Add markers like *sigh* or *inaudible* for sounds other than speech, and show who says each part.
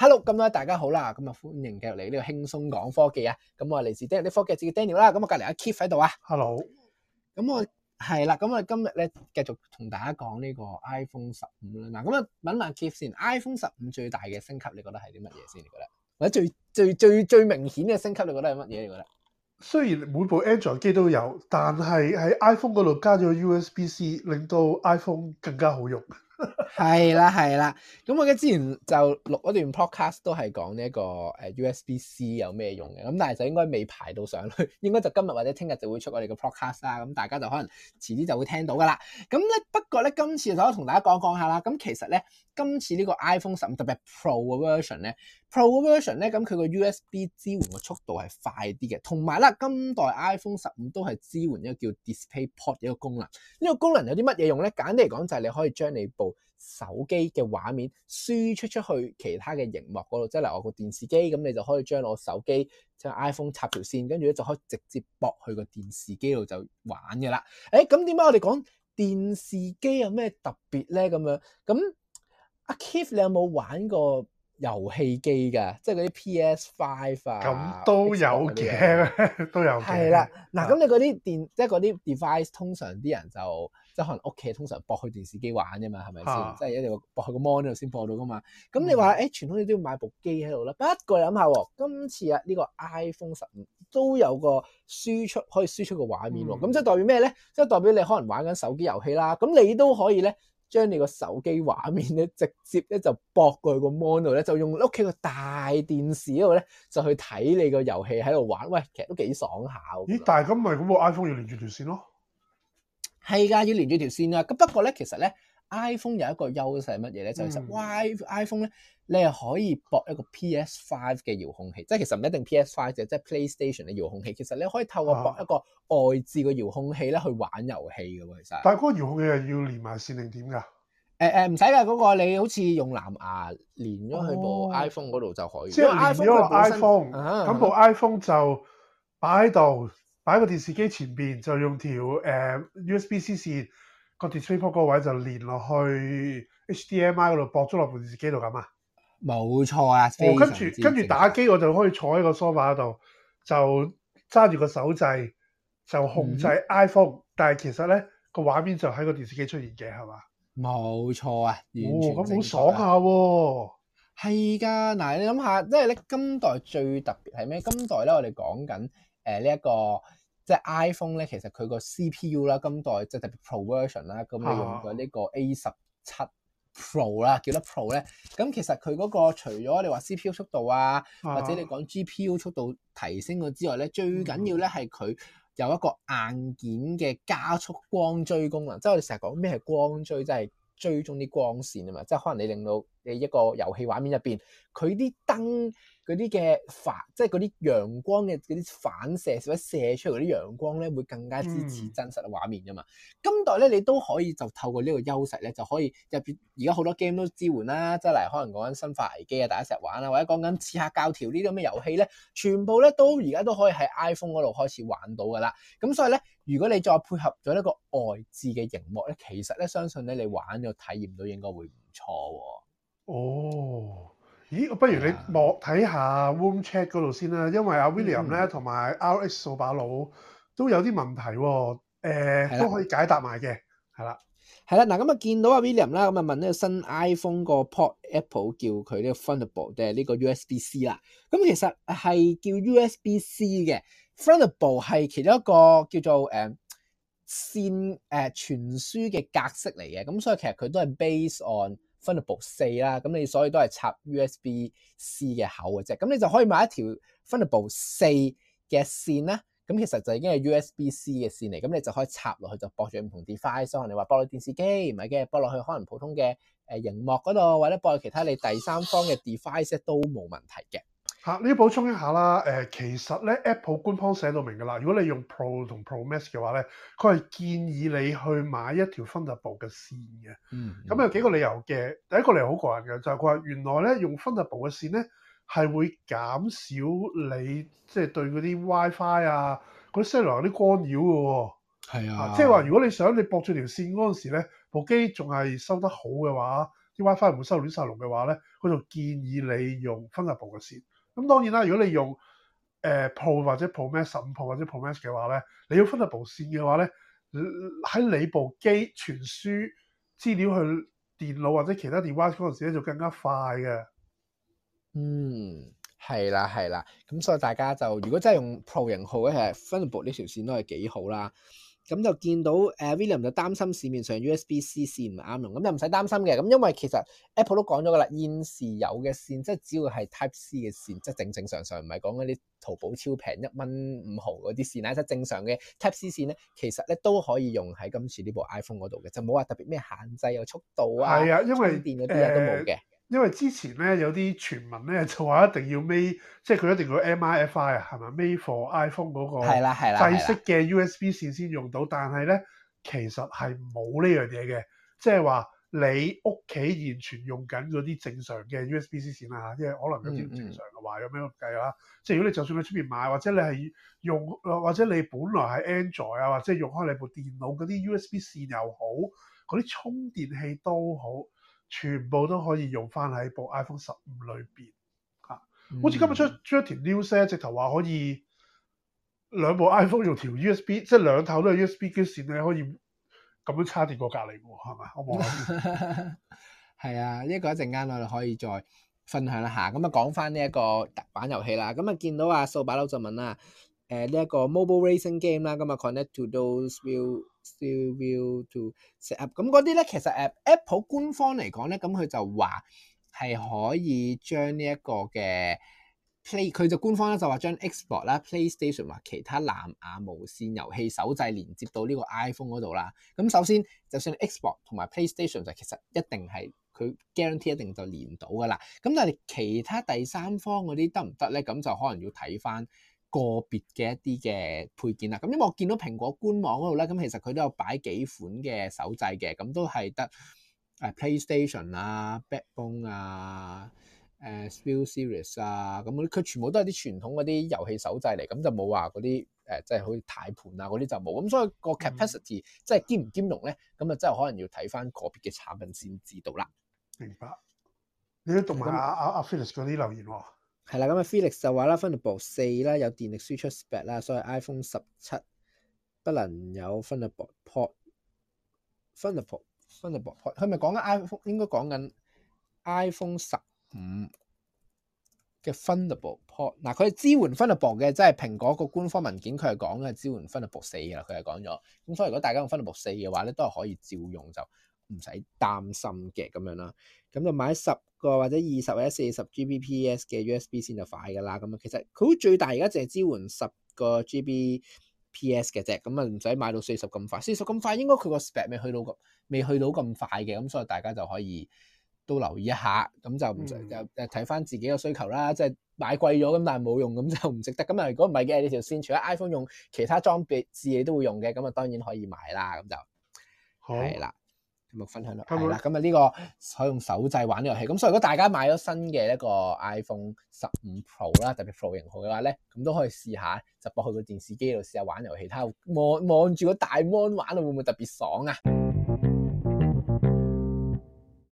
Speaker 1: hello，咁咧大家好啦，咁啊歡迎繼續嚟呢個輕鬆講科技啊，咁我係嚟自 Daniel 啲科技自己 Daniel 啦，咁 Hello. 我隔籬阿 Keith 喺度啊。hello，咁我係啦，咁我今日咧繼續同大家講呢個 iPhone 十五啦，嗱咁啊問下 Keith 先，iPhone 十五最大嘅升級你覺得係啲乜嘢先？你覺得或者最最最最明顯嘅升級你覺得係乜嘢？你覺得？
Speaker 2: 雖然每部 Android 機都有，但係喺 iPhone 嗰度加咗 USB-C，令到 iPhone 更加好用。係啦，係啦， *laughs* 咁我記得之前就錄一段 podcast 都係講呢一個
Speaker 1: 誒 USB C 有咩用嘅，咁但係就應該未排到上去，應該就今日或者聽日就會出我哋嘅 podcast 啦，啊，咁大家就可能遲啲就會聽到噶啦。咁咧不過咧今次就同大家講講下啦，咁其實咧今次個15，呢個 iPhone 十五特別 Pro 嘅 version 咧，Pro 嘅 version 咧，咁佢個 USB 支援嘅速度係快啲嘅，同埋啦，今代 iPhone 十五都係支援一個叫 Display Port 一個功能，呢、呢個功能有啲乜嘢用咧？簡單嚟講就係你可以將你部。手機嘅畫面輸出出去其他嘅熒幕嗰度，即係例我個電視機，咁你就可以將我手機即係 iPhone 插條線，跟住咧就可以直接駁去個電視機度就玩㗎啦。誒、欸，咁點解我哋講電視機有咩特別咧？咁樣咁，阿 Keith，你有冇玩過？遊戲機㗎，即係嗰啲 PS Five 啊，咁
Speaker 2: 都有嘅，等等 *laughs* 都有的。係啦
Speaker 1: 了，嗱、啊，咁你嗰啲電，啊、即係嗰啲 device，通常啲人就即係可能屋企通常駁去電視機玩㗎嘛，係咪先？啊、即係一定要駁去個 mon 嗰度先駁到㗎嘛。咁、啊、你話誒、嗯欸、傳統你都要買部機喺度啦，不過你諗下，今次啊呢、呢個 iPhone 十五都有個輸出可以輸出個畫面喎，咁、嗯、即係代表咩咧？即係代表你可能玩緊手機遊戲啦，咁你都可以咧。將你個手機畫面咧，直接咧就駁過去個 monitor 咧，就用屋企個大電視嗰度咧，就去睇你個遊戲喺度玩。喂，其實都幾爽下。
Speaker 2: 咦？樣但係咁咪咁個 iPhone 要
Speaker 1: 連住條線咯？係噶，要連住條線啦。咁不過咧，其實咧，iPhone 有一個優勢係乜嘢咧？就其、是、實、嗯，哇，iPhone 咧。你係可以駁一個 PS5 嘅遙控器，即係其實唔一定 PS5 嘅，即係 PlayStation 嘅遙控器。其實你可以透過駁一個外置嘅遙控器咧，去玩遊戲嘅喎。其實、啊、但係嗰
Speaker 2: 個遙控器係要連埋線定點㗎？誒誒
Speaker 1: 唔使㗎，嗰、欸嗰個你好似用藍牙連咗去部 iPhone 嗰度就可以。即係如果 iPhone 咁部
Speaker 2: iPhone 就擺喺度，啊、個擺個、啊、電視機前邊，就用條誒、uh, USB C 線個 display port 位就連落去 HDMI 嗰度，駁咗落部電視機度咁啊！
Speaker 1: 冇錯啊、哦！跟
Speaker 2: 住跟住打機，我就可以坐喺個梳化度，就揸住個手掣，就控制 iPhone、嗯。但係其實咧個畫面就喺個電視機出現嘅，係嘛？
Speaker 1: 冇錯啊！完全咁好、哦、爽下喎、啊。係噶，嗱，你諗下，即係咧今代最特別係咩？今代咧我哋講緊誒、呃這個、呢一個即係 iPhone 咧，其實佢個 CPU 啦，今代即係特別 Pro version 啦，咁你用咗呢個 A 十七、啊。Pro 啦，叫得 Pro 咧，咁其實佢嗰個除咗你話 CPU 速度啊，或者你講 GPU 速度提升咗之外咧，最緊要咧係佢有一個硬件嘅加速光追功能，嗯、即係我哋成日講咩係光追，即係追蹤啲光線啊嘛，即係可能你令到。嘅一個遊戲畫面入邊，佢啲燈嗰啲嘅反，即係嗰啲陽光嘅啲反射，或者射出嚟啲陽光咧，會更加支持真實嘅畫面噶嘛。嗯、今代咧，你都可以就透過呢個優勢咧，就可以入邊。而家好多 game 都支援啦，即係嚟可能講緊《生化危機》啊，大家成日玩啦，或者講緊《刺客教條》呢啲咁嘅遊戲咧，全部咧都而家都可以喺 iPhone 嗰度開始玩到噶啦。咁所以咧，如果你再配合咗一個外置嘅熒幕咧，其實咧相信咧你玩咗體驗都應該會唔錯喎。
Speaker 2: 哦，oh, 咦，我不如你望睇的下 Room Chat 嗰度先啦，因為阿 William 咧同埋、嗯、RS 掃把佬都有啲問題喎、哦，誒、呃、的都可以解答埋嘅，係啦，係啦，嗱咁啊見到阿 William 啦，咁啊問
Speaker 1: 呢個新 iPhone 個 port Apple 叫佢呢個 fundable 係呢個 USB C 啦，咁其實係叫 USB C 嘅 fundable 係其中一個叫做誒、呃、線誒傳輸嘅格式嚟嘅，咁所以其實佢都係 base on Thunderbolt 四啦，咁你所以都係插 USB C 嘅口嘅啫，咁你就可以買一條 Thunderbolt 四嘅線啦。咁其實就已經係 USB C 嘅線嚟，咁你就可以插落去就駁住唔同 device，可能你話駁落電視機，唔係嘅駁落去可能普通嘅誒熒幕嗰度，或者駁去其他你第三方嘅 device 都冇問題嘅。
Speaker 2: 啊！你要補充一下啦。誒，其實咧，Apple 官方寫到明㗎啦。如果你用 Pro 同 Pro Max 嘅話咧，佢係建議你去買一條 Thunderbolt 嘅線嘅。嗯，咁有幾個理由嘅。第一個理由好過癮嘅就係佢話原來咧用 Thunderbolt 嘅線咧係會減少你即係對嗰啲 WiFi 啊嗰啲收龍有啲干擾㗎喎、哦。啊，啊，即係話如果你想你駁住條線嗰陣時咧，部機仲係收得好嘅話，啲 WiFi 唔會收亂晒龍嘅話咧，佢就建議你用 Thunderbolt 嘅線。咁當然啦，如果你用誒、呃、Pro 或者 Pro Max 十五 Pro 或者 Pro Max 嘅話咧，你要分 i b 線嘅話咧，喺你部機傳輸資料去電腦或者其他電 w i s 嗰陣時咧，就更加快嘅。嗯，係
Speaker 1: 啦，係啦。咁所以大家就如果真係用 Pro 型號咧，其實 f 部呢條線都係幾好啦。咁就見到誒 William 就擔心市面上 USB C 線唔啱用，咁就唔使擔心嘅。咁因為其實 Apple 都講咗㗎喇，現時有嘅線，即係只要係 Type C 嘅線，即係正正常常，唔係講嗰啲淘寶超平一蚊五毫嗰啲線，即係正常嘅 Type C 線咧，其實咧都可以用喺今次呢部 iPhone 嗰度嘅，就冇話特別咩限制，有速度啊，係啊，因為誒電嗰啲都冇嘅。
Speaker 2: 呃因為之前咧有啲傳聞咧就話一,一定要 made 即係佢一定要 MIFI 啊，係咪 made for iPhone 嗰個制式嘅 USB 線先用到？但係咧其實係冇呢樣嘢嘅，即係話你屋企完全用緊嗰啲正常嘅 USB 線啦嚇，即係可能有啲唔正常嘅話、嗯嗯、有咩咁唔計啦。即係如果你就算喺出邊買，或者你係用，或者你本來係 Android 啊，或者用開你部電腦嗰啲 USB 線又好，嗰啲充電器都好。全部都可以用翻喺部 iPhone 十五裏邊嚇，啊嗯、好似今日出出一條 news 咧、啊，直頭話可以兩部 iPhone 用條 USB，即係兩頭都係 USB 嘅線你可以咁樣插電過隔離喎，係咪？好唔好。
Speaker 1: 係 *laughs* *laughs* 啊，呢、呢、一個陣間我哋可以再分享一下。咁啊，講翻呢一個特玩遊戲啦。咁、呃這個、啊，見到阿掃把佬就問啦，誒呢一個 Mobile Racing Game 啦，咁啊 Connect to those new will to set up，咁啲咧，其實 Apple 官方嚟講咧，咁佢就話係可以將呢一個嘅 Play，佢就官方咧就話將 Xbox 啦、PlayStation 或其他藍牙無線遊戲手掣連接到呢個 iPhone 嗰度啦。咁首先，就算 Xbox 同埋 PlayStation 就其實一定係佢 guarantee 一定就連到噶啦。咁但係其他第三方嗰啲得唔得咧？咁就可能要睇翻個別嘅一啲嘅配件啦，咁因為我見到蘋果官網嗰度咧，咁其實佢都有擺幾款嘅手掣嘅，咁都係得誒 PlayStation 啊、Backbone 啊、誒、uh, SteelSeries 啊咁啲，佢全部都係啲傳統嗰啲遊戲手掣嚟，咁就冇話嗰啲誒即係好似太盤啊嗰啲就冇，咁所以個 capacity、嗯、即係兼唔兼容咧，咁啊真係可能要睇翻個別嘅產品先知道啦。
Speaker 2: 明白。你都讀埋阿阿阿 Felix 啲留言，哦。係喇，噉咪 Felix
Speaker 1: 就話啦，Thunderbolt 四喇，4, 有電力輸出 spec 喇，所以 iPhone 17不能有 Thunderbolt port，佢咪講緊 iPhone，應該講緊 iPhone 15嘅 Thunderbolt port 嗱，佢係支援 Thunderbolt 嘅，即係蘋果個官方文件，佢係講緊支援 Thunderbolt 四嘅喇，佢係講咗。咁所以如果大家用 Thunderbolt 四嘅話，呢都係可以照用，就唔使擔心嘅噉樣喇。噉就買十。個或者二十或者四十 Gbps 嘅 USB 先就快㗎啦，咁啊其實佢最大而家淨係支援十個 Gbps 嘅啫，咁啊唔使買到四十咁快，四十咁快應該佢個 spec 未去到咁，未去到咁快嘅，咁所以大家就可以都留意一下，咁就唔使，就睇翻自己嘅需求啦，即係買貴咗咁，但係冇用咁就唔值得。咁啊如果唔係嘅，你條線除咗 iPhone 用，其他裝備自己都會用嘅，咁啊當然可以買啦，咁就係好啦。分享落嚟啦，咁啊呢個可以用手掣玩遊戲。咁所以如果大家買咗新嘅一個 iPhone 十五 Pro 啦，特別 Pro 型號嘅話咧，咁都可以試下，就駁去個電視機度試下玩遊戲。睇下望望住個大 mon 玩，會唔會特別爽啊？